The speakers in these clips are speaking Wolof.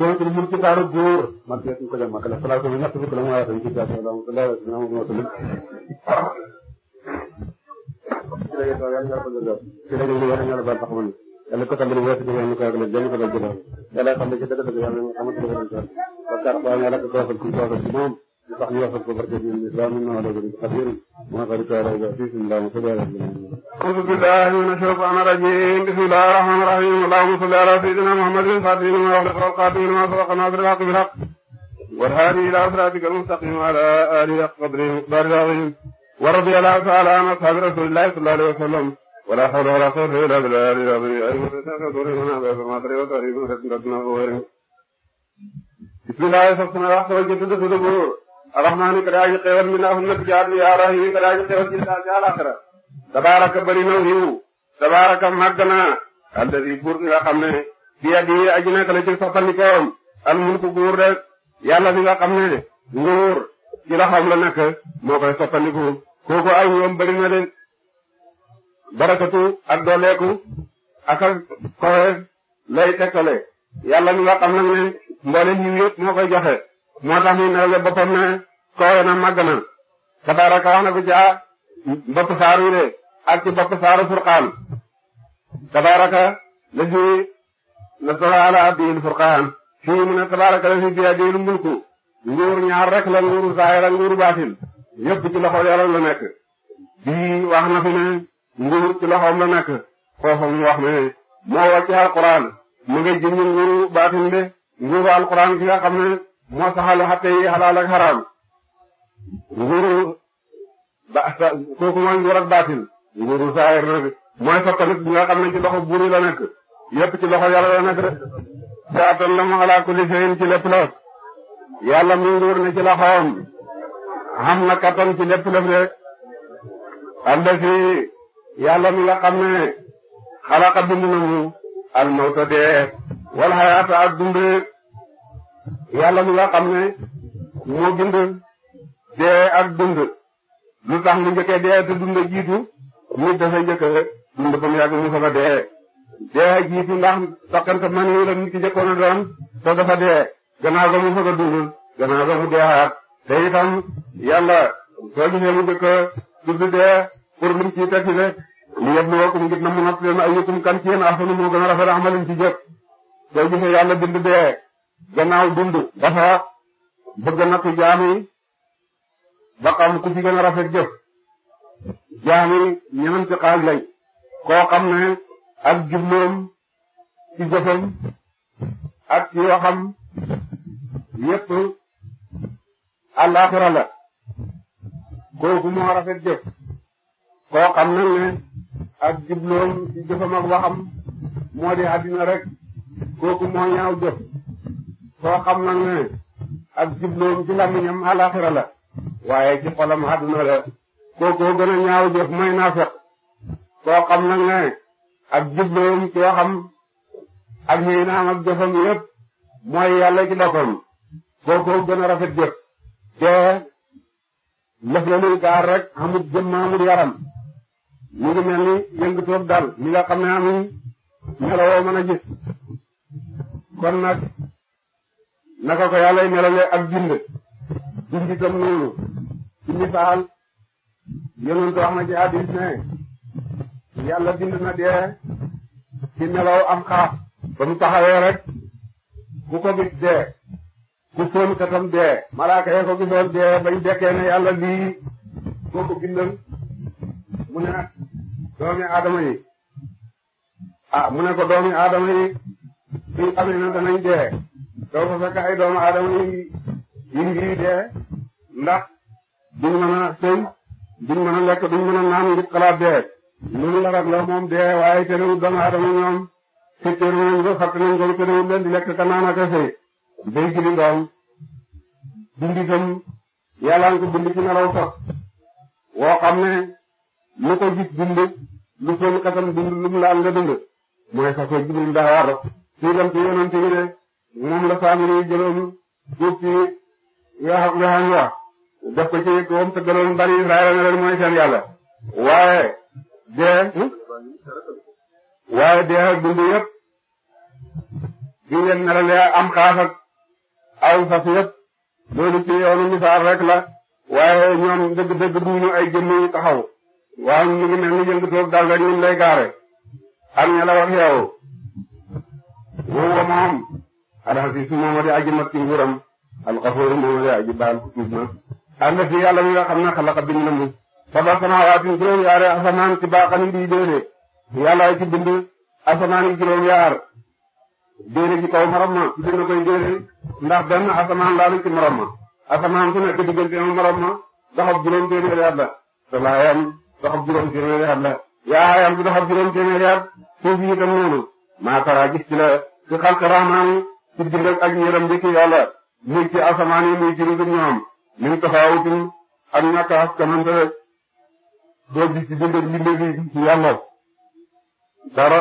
كيف يمكن كتابه جور ما تيجي كذا ما كلا فلا كذا نحن كلام هذا في كتابه لا لا لا ما تقول كذا كذا يعني أنا بتحمل yàlla ko tàmbali woote ci wàllu kawar lañ jëm ko doon jëloon yàlla xam ne ci dëgg-dëgg yàlla moom amatul ko doon jëloon parce que yàlla ko kawar ci kawar ci moom li tax ñu waxal ko barke bi islam inna ala jëri xadir ma xarika ala jati islam sallallahu alayhi wa sallam a'udhu billahi minash shaitanir rajim bismillahir rahmanir rahim allahumma salli ala sayyidina muhammadin fatin ma ughliqa wal qatil ma sabaqa nasir al haqq bil haqq wal hadi ila siratikal mustaqim ala alihi qadri miqdaril azim wa radiyallahu ta'ala an ashabi rasulillahi sallallahu alayhi wa sallam ولا حول ولا قوة إلا بالله العلي العظيم أي مرتفع دوري هنا بما تريد وتريد ربنا وغيره بسم الله الرحمن الرحيم والجسد في الظهور arrahmaani ka daañu xewal mi naa hum na bijaat yaa rahimi ka daañu xewal ci daal ci alaxira bari na xiw tabaaraka màgg na alladi buur nga xam ne bi yadi aji nekk la ci soppandikoom al mulku guur de yàlla bi nga xam ne nguur ci la xam la nekk moo koy soppandiku kooku ay ñoom bari na de barakatu ak dooleeku ak ak lay tekkale yàlla mi nga xam nag ne mboole ñi yëpp moo koy joxe moo tax muy melale boppam ne soowe na màgg na tabaraka wax na ko ci ah bopp saaru yi de ak ci bopp saaru furqaan tabaraka la fi la soxla abdil furqaan fii mu ne tabaraka la fi biya diil mulku nguur ñaar rek la nguuru zaahir ak nguuru baatin yëpp ci loxo yàlla bii wax na fi ne nguur ci loxoom la nekk foofu mu wax ne moo wàcc alquran mu ngi jëm nguuru baatin de nguuru alquran gi nga xam moo saxal xatte yi ak xaraam nguuru ba sa kooku mooy nguur ak baatin nguuru saayir la de mooy sottanit bi nga xam ne ci loxo buur yi la nekk yépp ci loxo yàlla la nekk de te la mu ala kulli shay'in ci lépp la yàlla mi nguur ne ci loxoom xam na kattan ci lépp la de allasi yàlla mi nga xam ne xalaqa bind na mu al mawta dee wal xayaata ak dund yàlla mi nga xam ne moo bind dee ak dund lu tax mu njëkkee dee te dund jiitu nit dafay njëkk dund ba mu yàgg mu soog a dee dee jiitu ndax soqante man yi la nit ki njëkkoon a doon dee gannaaw mu soog a dund gannaaw ba mu deeaat te itam yàlla soo gisee mu njëkk a dund dee pour mu ciy ci de li yëpp mu wokkum ngir na mu nopp leen ayyukum kan ci yéen ahsanu moo gën a rafet amalin ci jëf soo gisee yàlla bind dee gannaaw dund dafa bëgg natt jaam yi ba xam ku fi gën a rafet jëf jaam yi ñeenti xaaj lañ koo xam ne ak jubloom ci jëfam ak ci waxam yépp àllaaxira la kooku moo rafet jëf koo xam ne ne ak jubloom ci jëfam ak waxam moo di àddina rek kooku moo ñaaw jëf soo xam nag ne ak jubloom ci làmmiñam alaxira la waaye ci xolam àdduna la kookoo gën a ñaaw jëf mooy naafeq koo xam nag ne ak jubloom ci waxam ak xëy naam ak jëfam yépp mooy yàlla ci boppam kookoo gën a rafet jëf te lëf gaar rek amut jëmm amut yaram mu ngi mel ni yëngatoog dal mi nga xam ne amuñ melowoo mën a gis kon nag naka ko yàlla melale ak bind bind itam noonu ci misaal yonent wax na ci hadis ne yàlla bind na dee ci melaw am xaaf ba mu taxawee rek ku ko gis dee ku fóon katam dee malaaka ya ko gisoon dee bañ dekkee ne yàlla lii koo ko bindal mu ne doomi aadama yi ah mu ne ko doomi aadama yi suñ amee na danañ dee doo ko fekk ay doomu aadama yi yi ngi dee ndax duñ mën a sëy duñ mën a lekk duñ mën a naan ngir xalaat dee loolu la la moom dee waaye terewul doomu aadama ñoom fekkeeru nañ ko fàtt nañ di lekk ka naan ak a sëy day gili doom dundi tam yàlla nga ko bind ci nelaw woo xam ne lu ko gis dund lu seen katam dund lu mu laal nga dund mooy ko Jibril daa war ci dem ci yonent yi moom la Saamiri jëloon suuf si yoo yoo wax ko ci kawam te gënoon bari Israël ne leen mooy seen waaye dee. waaye dee ak dund yëpp di leen nelalee am xaaf aw sas yëpp loolu ci yoonu misaal rek la waaye ñoom dëgg-dëgg duñu ay jëmm yu taxaw. waaw ñu ngi mel ni jënd toog daal rek ñu lay gaare. am ña la wax yow. wow moom. alxasiisu moom di aji mat ci nguuram alxafooru moom di aji baal ku tuub na ànd fi yàlla mi nga xam ne xalaqa bind na mu saba samawaatin juróom yaare asamaan ci baaxan di déere yàlla ci bind asamaan yi juróom yaar déere ci kaw morom ma bind na koy déere ndax benn a laalu ci morom ma asamaan su nekk diggante ma morom ma doxab juróom téeméeri at la salaayam juróom téeméeri at yaayam bu juróom téeméeri at suuf yi itam maa tara gis ci la ci ci bindal ak yërëm bi ci yàlla muy ci ci lu dul ñoom min tafawutin ak doo gis ci bindal bindal ci yàlla dara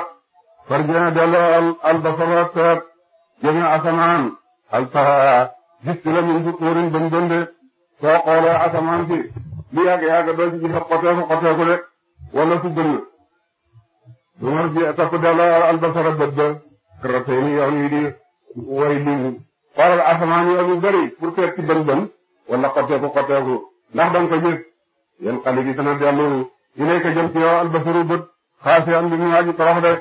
farjana delloo asamaan al taxa gis min bu kóorin bën bën de asamaan si li yàgg yàgg doo ci gis a xoteeku xoteeku de wala su bënn lu ma ji takk delloo al basara bët ba kratayni yoon yi di way lii xoolal asamaan yooyu bëri bari seet ci bën-bën wala xoteeku xoteeku ndax da nga ko gis yan xale gi dana dellu ilay ko jëm ci yow albasaru xaasi am li ñu waaj torox de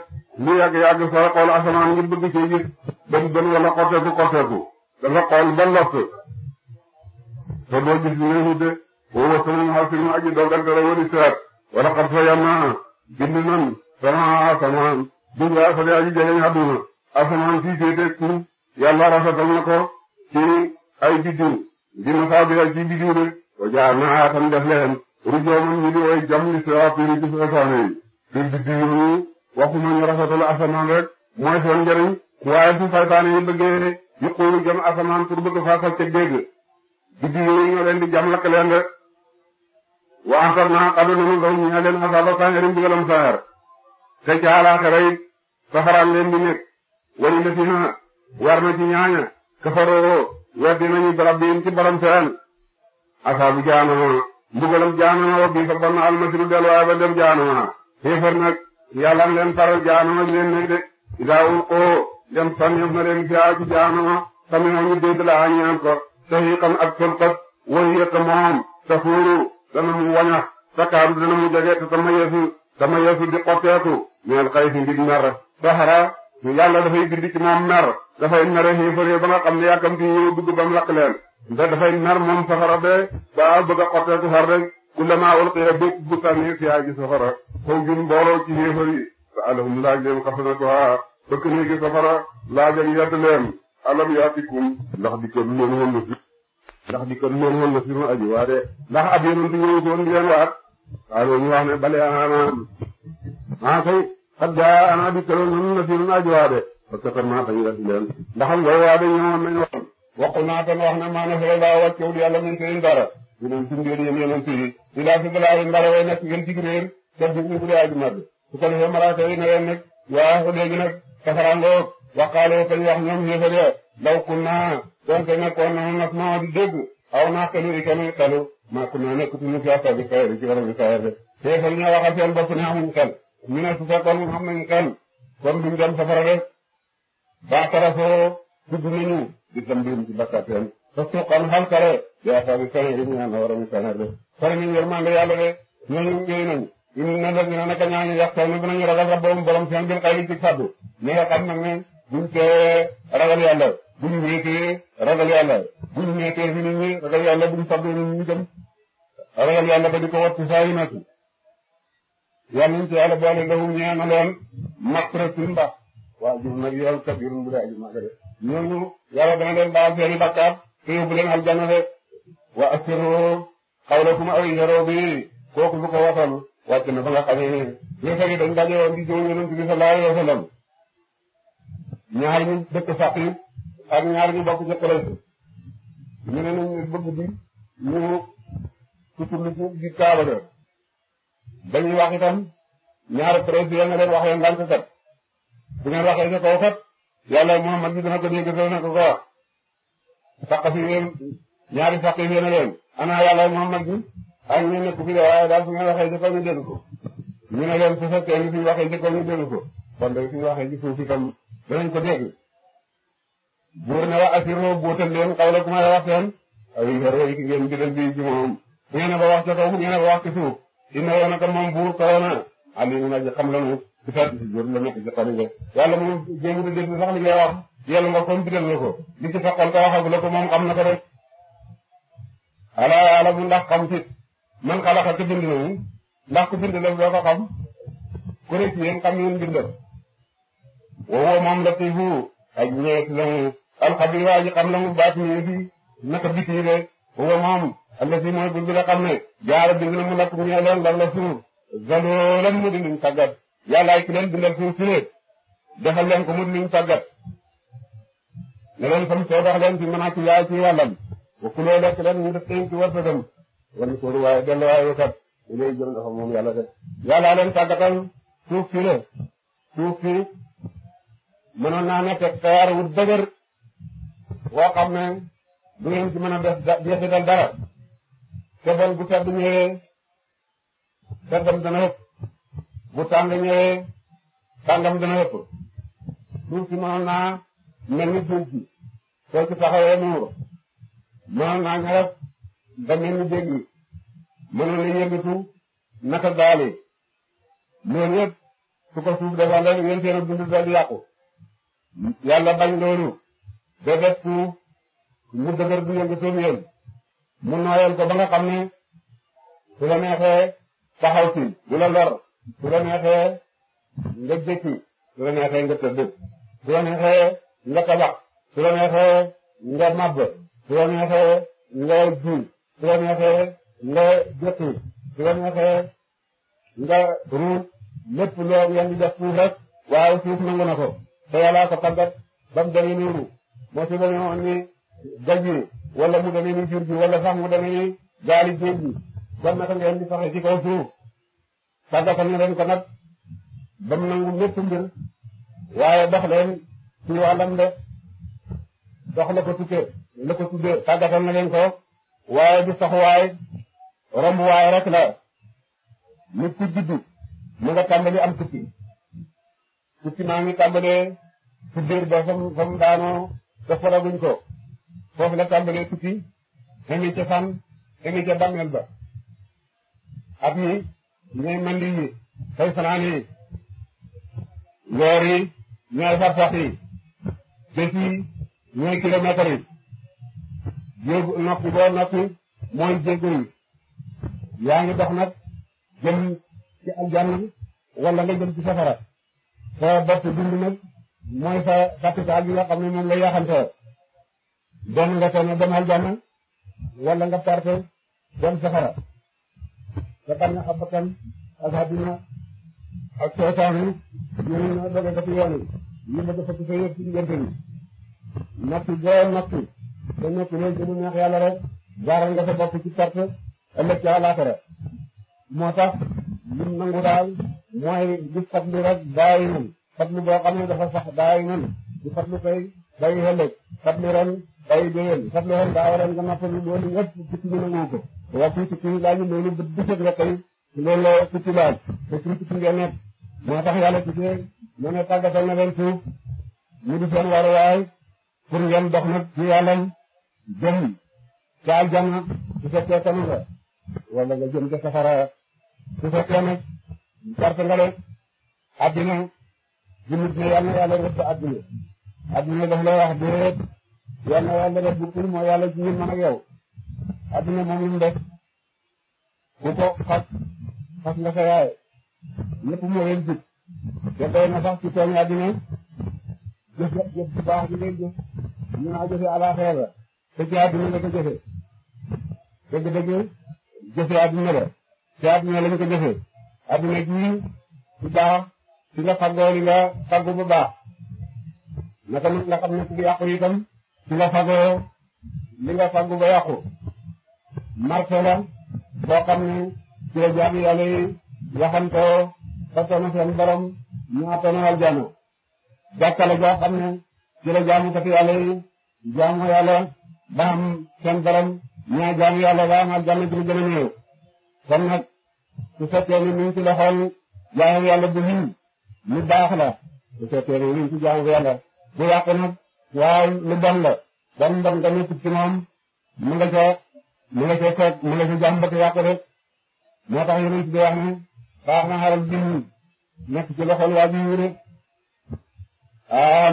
lu yàgg yàgg soo xool asamaan ngir bëgg ci gis bën-bën wala xoteeku xoteeku dafa xool ba lott te doo gis ñu ne de boo wësoo ñu xaw si ñu aji doog rek dara wëri sirat wala xam nan sama asamaan bind waaye fa aji jëlee ñu àdduna asamaan si féeteeg suuf yàlla rafetal na ko ci ay biddiw bi ma saa bi ay ci biddiw de wa jaa naa def leen rujooman ñu di way jam li siraati ni ci soosaane yi te biddiw yi waxuma ñu asamaan rek mooy seen njëriñ waaye su saytaane yi bëggee yu xoolu asamaan pour bëgg faasal ca dégg biddiw yi ñoo leen di lakk leen de wa ansar naa xaddu na mu gaw ñu leen asaaba saa njëriñ bëggalam te ca alaaxira yi safaraan leen di nekk wali la war na ci ñaaña kafaroo weddi nañu barab bi ci borom seen asaabu jaanama mbugalam jaanama wa bii fa ban almasiru delluwaay ba dem jaanama xéefar nag yàlla na leen paral jaanama di leen nekk de idaawul koo dem len na leen fiyaa ci jaanama tamit ñu dégg laa ñaan ko saxiiqan ak solkat way yëkk moom sa fuuru mu wañax sa kaaru dana mu jege te sama yeesu sama yeesu di xotteeku meel xay si yàlla dafay bind ci moom mer dafay mere xiifare ba nga xam ne yàkkamti ñëw dugg bam lakk leen nda dafay mer moom safara be ba bëgg a xotteeku xar rek kullama ulqiya bépp bu sànni fiyaa gi safara faw gin mbooloo ci xiifar yi sa alahum laaj leen xasanatuha bëkk néegi safara laajam yedd leen alam yaatikum ndax di kon leen won na si ndax di waa de ndax ab yonent ñëw soon di leen waat waaye ñu wax ne bale aanaam maa kay xat gaa ana di këloon ñoom nasirun aji waade parce que naa bañ la si leen ndax am way waade ñëwoon nañ waxoon waxu naa tan wax ne maana solo daa wàccewul yàlla min seen dara ñu leen sundéen yéen yéen sii i laa si dalaayi ndara way nekk ngeen cig réer def di ñu bu dee aji madd su ko defee malaaka yi ne leen nag waa léegi nag kafarangoog waqaaloo kañ wax ñoom xéefar ya law kun naa donte nekkoon na nag moo di dégg aw naa xelu i kanu xelu maa kun naa nekk tuñu fi a sabi xayri ci wara bi sayerde xéefar ñoo waxal seen bopp ne amuñ xel ñu ne su fekkoon xam nañ kenn kon duñ dem safara de ba tarafoo tudd nañu di dem biir ci bakkateen te suqan xal kare di asaabi saneeri ñu naan war a mi saneer de sare ñu yërmande yàlla de ñooñu ñëw nañ im na la dina naka ñaañu yaqtoon bu nañu ragal rabboom borom seen bin xayri ci fàddu ñi nga xam nag ne buñ teewee ragal yàlla buñ wéetee ragal yàlla buñ meetee fi nit ñi ragal yàlla buñ fàddu nit ñi dem ragal yàlla ba di ko wattu saa yu nekk yàlla nañu ci yàlla boole lahum ñeel na leen maxfiratun mbax waaw jur nag yool kabirun bu dee aji màgg de ñooñu yàlla dana leen baal seeni bakkaar te yóbbu leen aljanna de wa asirru qawlakum aw ijharu bi kooku lu ko wasal wàcc na fa nga xamee ne yéefar yi dañ daje woon di jëw yonent bi sallallahu wa sallam ñaar ñu dëkk Saqif ak ñaar ñu bokk ci Quraysh ñu ne nañ bëgg di ñu tutuli ba ñuy wax itam ñaar président nga leen waxee ndànk kat bu ngeen waxee ca kaw kat yàlla Muhammad bi dana ko dégg dana ko ko wax saq fi ngeen ñaari saq yi na leen ana yàlla Muhammad bi ak ñu nekk fi de waaye daal su ngeen waxee ca kaw ñu dégg ko ñu ne leen su fekkee ni suñu waxee ca kaw ñu dégg ko kon de suñu waxee ci suuf itam danañ ko dégg buur ne leen xaw la ku may wax seen ay xero yi ngeen jëlal bi ci moom ngeen ba wax ca kaw ngeen dina woon ak moom buur kawoon na Aliou nag la ñu di fàttali si góor la nekk ci xarit bi yàlla moom jéem a déglu sax li ngay wax yàlla nga computer la ko li ci faqal ko waxagu la ko moom xam na ko rek. ala ala bu ndax xam man xalaqa te bind nañu ndax ku bind la doo ko xam ku rek yéen xam ngeen bindal wowoo moom la tey bu ak ñeent la mu alxabiir waa ji xam la mu baat ñu fi naka biti de wowoo moom. allah si mooy bul bi nga xam ne jaara na mu lakk mu ñëw leen lan la suuf zaloolan mu di luñ tàggat yàllaay ki leen bindal suuf si ne defal leen ko mu di luñ tàggat ne leen fam soo dox leen ci mën a ci yaay ci wàllam wa kuloo lekk leen ñu def teen ci wërsëgam wala sóoru waaye dellu waaye kat ilay jëm dafa moom yàlla de yàllaa leen tàggatal suuf si ne naa nekk wu dëgër woo xam ne du ngeen ci mën a def te bon bu sedd ñëwee seddam dana ëpp bu tàng ñëwee tàngam dana ëpp suuf si mënoon naa mel ni suuf si soo ci taxawee muur mënoon naa ñëw ba mel ni dégg naka daali loolu yëpp su suuf defaan rek yéen seen dund daal di bañ loolu ba def suuf mu dëgër du yëngatoon yéen mu nooyal ko ba nga xam ne su la neexee taxaw nga jëkki su nga tabax su nga màbb su nga ji su nga jëkki su nga ruut lépp loo yan di def suuf rek waaye suuf nangu na ko te yàllaa ko tàggat ba mu wala mu demee ni jur gi wala sax mu demee ni gaali géej gi kon naka ngeen di saxee ci kaw suuf tàggatal na leen ko nag ba mu nangu lépp mbir waaye dox leen ci wàllam de dox la ko tukkee la ko tuddee tàggatal na leen ko waaye du saxuwaay rombuwaay rek la nit ku juddu mu nga tàmbali am tukki tukki maa ngi tàmbalee ci ba fa mu daanoo te faraguñ ko foofu la tàmbalee tukki emi ca fan emi ca ba at mi mandi yi fay fanaan yi yoor yi ñooy farfax yi bés yi ñooy boo noppi mooy jéego yaa ngi dox nag jëm ci aljanna wala nga jëm ci safara sa bopp dund nag mooy sa capital bi nga xam ne moom la yaxantoo benn nga sonn dem aljanna wala nga perte dem safara te xam ne ab bakkan ak àddina ak seytaane ñooñu ñoo bëgg a def yoon yi ñu bëgg a fëkk sa yëf ci diggante bi nattu boo nattu te nattu lay a neex yàlla nga sa bopp ci perte ëllëg ci àllaaxira moo tax lim nangu daal mooy di fatlu rek bàyyi nan boo xam dafa sax bàyyi di fatlu koy day ëllëg fatlu ren day déwén soxla woon daa waroon nga noppalu loolu yëpp picc bi nangu ko. waxtu picc yi laaj loolu bu set nga tey loolu la picc laaj te suñ picc nga nekk moo tax yàlla tuddee mu ne tàggatal na leen suuf mu di seen waruwaay pour ngeen dox nag ci yàllam jëm ca aljana su fekkee tanu nga wala nga jëm ca safara su fekkee nag perte nga leen addina jumut ne yàlla yàlla rëbb addina addina daf lay wax déet yal na yàlla def bukkul mooy yàlla ci ñun man ak yow adduna moom li ku ko xas xas nga sa yaay ñëpp moo leen jub te na sax ci tooñ adduna jëf jëf bu baax di leen jëf ñu naa jëfe alaxira te ci adduna la ko jëfe dëgg-dëgg jëfe la ci adduna lañ ko jëfe adduna bu baax ci nga fàggoo li nga fàggu bu baax naka la xam ne ku yàqu itam ci nga fagoo li nga fagu ba yàqu marché la boo xam ne ci la jaam yàlla yi waxantoo fattana seen borom ñu attana aljana jàkkale joo xam ne ci la jaamu kati yàlla yi jaamu yàlla ba am seen borom ñaa jaamu yàlla ba am aljana ci lu gën a néew kon nag ci loxol jaamu yàlla bu hin lu baax la su fekkee ni ñu ci waaw lu bon la bon bon nga nekk ci moom mu nga ca mu nga ca toog mu nga na xaral loxol waa ji rek ah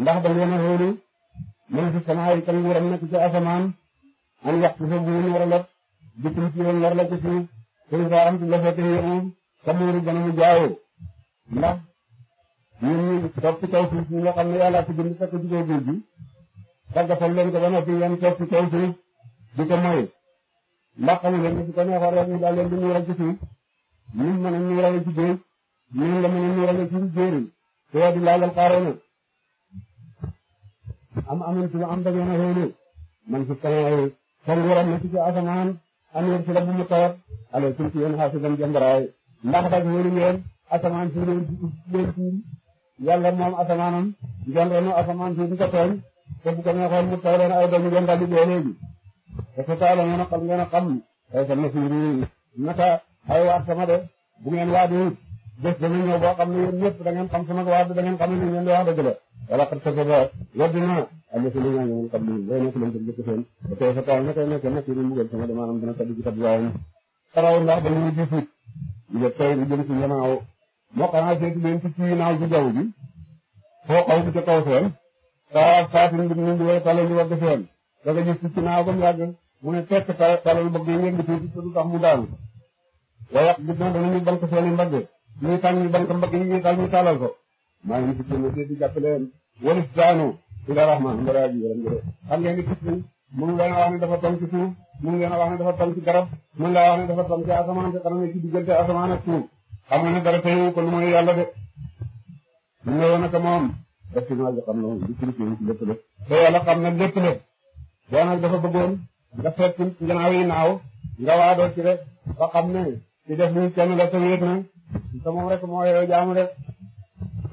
ndax da ngeen a wóolu man fi sama ay kan nguuram an yàq sa buum war a lëkk jëkkëm ci yoon war la ko ci suuf am la fa te yow sa muuru gën ñun ñu toog ci kaw suuf ñi nga a ne yàlla ci bind fekk jugee géej leen ko ba noppi ngeen toog ci kaw suuf di ko moy ndax xamu leen ne su ko neexoon rek ñu daal leen di niiral ci suuf ñun mën a niirale ci géej ñun la mën a niirale am amoon ci am man su ko neexee kon waroon asamaan am si la bu mu tawat alors suñ ci yéen xaasi dem jëmbaraay ndax dag wóolu ngeen asamaan si leen yàlla moom asamaanam njënd na asamaan si di ko tooñ te bu ko neexoon mu leen ay doomu ngeen daal di dee léegi te su taw la ngeen a xam ngeen a xam ay waa suñu naka ay waat sama de bu ngeen waajee bés dana ñëw boo xam ne yéen ñëpp da ngeen xam sama waat da ngeen xam ne li ngeen di wax na si li nga xam ne xam na si i mu gën sama de maanaam ma xanaa seeti leen ci ci naaw ci jaww ji foo xaw ci kaw seen saa saati mbir mi ngi wala talal ñu seen da nga gis ci naaw ba mu mu ne tekk talal bëgg ngeen di tuuti te du tax mu daanu waaye ak gis na danañu bank seen i mbagg ñuy tàng ñu bank mbagg yi ñuy tal ñu talal ko maa ngi ci kenn seeti jàpp leen walis daanu ila rahman mbara ji yaram jëre xam ngeen ni picc mu ngi leen a wax ne dafa tam ci suuf mu ngi leen a wax ne dafa tam ci garab mu ngi leen a wax ne dafa tam ci asamaan te xanaa ne ci diggante asamaan xamul ne dara tey ko lu mooy yàlla de ñu ne woon ak moom def ci noor na moom li ci ci lépp lépp. te yàlla xam na lépp lépp boo nag dafa bëggoon nga seet ci gannaaw yi naaw nga waadoo ci rek ba xam ne ci def lu kenn la te wéet na te moom rek moo yore jaamu rek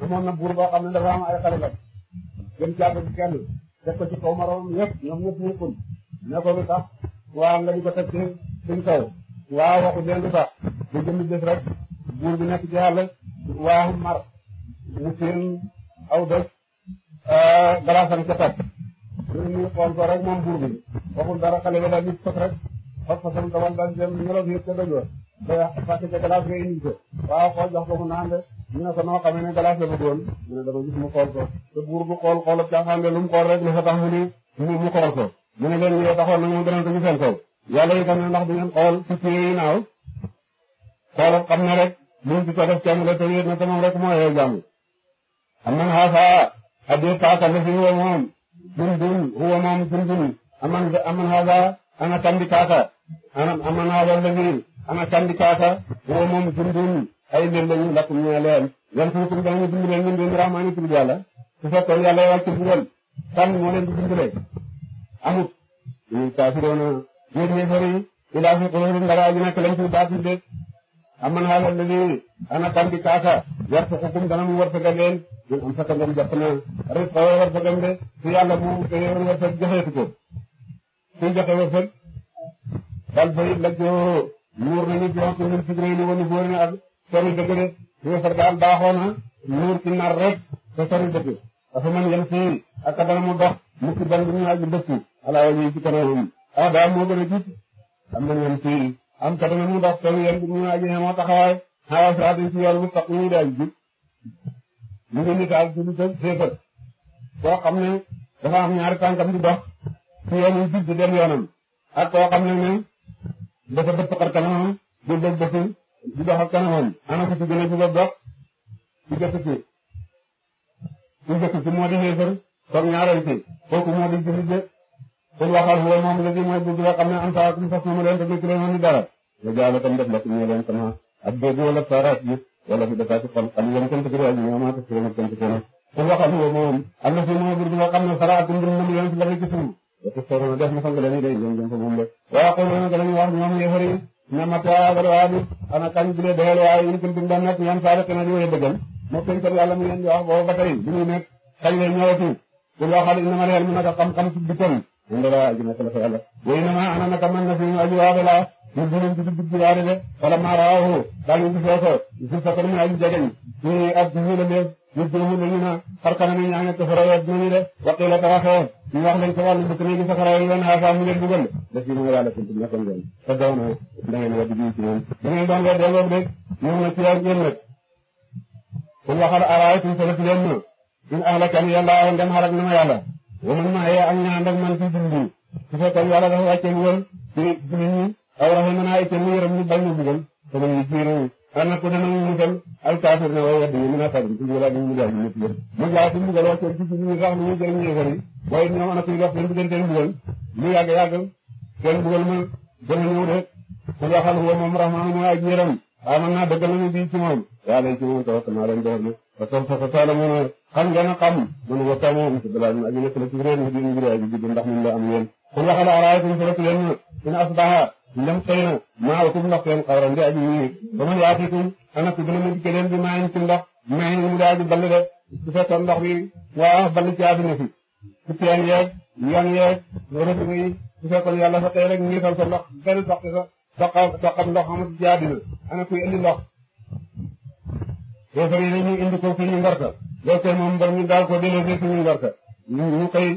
amoon na buur boo xam dafa am ay xale kat jëm caaba def ko ci kaw maroom ñëpp ñoom ñëpp ñu ne ko lu tax waaw nga di ko teg ci suñ kaw waaw waxu leen lu tax bu jëm bés buur bu nekk ci mar mu seen aw def euh, galaasam ca topp ñu rek moom buur bi dara xale ba daal nit fas rek fas fasam dawal daal da ñolof yëpp ca dëgg ba fàtte ca galaas nga indi waaw xool jox mu naan de ñu ne ko noo xamee galaas la bëggoon ñu ne dama gis mu xool ko te buur bu xool xoolab caaxaan de lu mu xool rek li fa tax mu ni mu xool ko mu ne leen yow taxoon nañu gënal ko ci seen kaw yàlla itam ne ndax du ngeen xool ci ci muy di ko def kenn la te wéet na te moom moo yee jàmm aman xaafa adee paaka la fi huwa moom dun dun huwa aman aman ana kandi kaaka ana aman xaafa la ana kandi kaaka huwa moom dun dun ay nen lañu lakum ñu leen yan fuukum dañu dimbale ñun dun rahmaani tur yàlla su fekkoon yàlla wàcc bugal kan moo leen di dimbale amut ñu kaafiroona yéen yéefar yi ilaa fi quluubihim balaa ji nekk lañ fi baatil de aman hada alladhi ana kandi kaaka yarzuqukum dana mu wërsëgal leen in am sa kangam jàpp na risqa wa wërsëgam de su yàlla mu teyoon wërsëg joxeetu ko su joxe wërsëg bal fa it la joo muur nañu jox ko ñun figre ni wonu boori ak sori dëgg de rek te sori dëgg dafa man yem ci mu dox mu ci ban aju dëkk ala wa ñuy ci kanam ah daa moo gën a jiit am na am kat na mu dox tool yéen ñu naan ñu xamoo taxawaay xaaral saa di si yoon bu sax ñu daal jub ñu ngi misaal di xam ne dafa am ñaari tànkam di dox si yoon yu jub di yoonam ak koo ne ne dafa bëtt xar kanamam di bëgg bëtt di dox ak kanamam. ana ko ci gën a jub ak dox di jëkk moo di séefar comme ñaareel ci kooku moo di jëf pour waxal huwa moom la gi mooy dugg la xam ne am saa kum fas mu leen te dikk leen ni dara la jaala tam def la ci ñu leen sama ak dégg wala saaraat yi wala fi dafa ci xol xam leen kenn tikiri ak ñu amaat ci leen kenn tikiri pour waxal huwa moom am na fi mooy bur nga xam ne saraatum bu mu leen ci la ci suuf da ko soro def na fa nga leen day jëm jëm fa moom de wa ko leen nga leen wax ñoom yéfari na mata wala waadi ana kan bi le deel waaye ñu kenn dum nak ñaan saala kenn di way dëggal mo kenn tan yàlla mu leen di wax boobu ba tey bu ñu nekk kañ lay ñëwatu pour waxal inna ma leen mu naka xam-xam ci bitam inda la ajuna fa la fa yàlla wayna ma ana naka man na fi aju waaba la ñu dinañ ci dugg waare de wala ma raahu dañu gisoo ko ci fa ko mu aju jegeñ ci la leef ñu doomu lañu mi ñaange ko fara wet ñu de waxtu tawaxoon ñu wax lañ ko wàllu bu tane gi safara yi wan haafa mu leen dugal da ci mo yàlla kuntum nekkoon ngeen fa doona da ngeen wadi bi ci ñoom da ngeen doon wede ngok de ñoom na ci ak ñen nak waman maaya ak ñaan ak man fi jullit ñi su fekkoon yàlla dafa wàcce woon ci jullit ñi aw raxe mën a itte mu yërëm ñu bañ ñu bugal te man ñu ci réew ana ko dana ñu musal al kaafir na way wedd yi mën a mu jaay ñëpp yëpp mu jaay ci mbugal wàcce ci jullit ñi sax ñu jël ñu ana kuy dox leen diggante mbugal lu yàgg yàgg seen ma gën a ku waxal huwa moom rahmaanu ak yërëm aman naa dëggal nañu bii ci moom yàlla ci moom tawakkal naa leen dox na fa taw fa taalamuuna xam ngeen a xam man wa tamo m sdlaji aji nekk la ci réer di ngir aji jid ndax moom la am yéen kon waxal araayatum salatu leen in asbaha ndem xëy na maa utum ndox seen xawran di aji ñii ba man yaatikum ana ku gën a ma dikke leen bi maayin ci ndox maayin mu di aji ball de su fekkoon ndox bi waa ah ball ci àdduna fi su teen yeeg yan yeeg rëbb yi su fekkoon yàlla sa tey rek ñiital sa ndox benn soxti sa soqa soqam ndox amatu ci àdduna ana kuy indi ndox doo fari dañuy jokkee moom ba ñu daal ko délégué suñu ngarka ñu ñu koy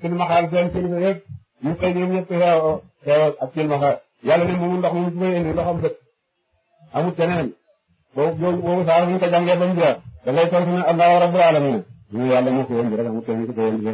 silmaxaal seen kilifa yëpp ñu koy ñoom ñëpp xeew xeew ak silmaxa yàlla ne moomu ndox moom su may indi ndoxam bët amul keneen boobu boobu saa ñu ko jàngee ba mu jeex da ngay tontu ne allahu rabbul alamin ñu yàlla moo ko wëndi rek amul keneen ku ko wëndi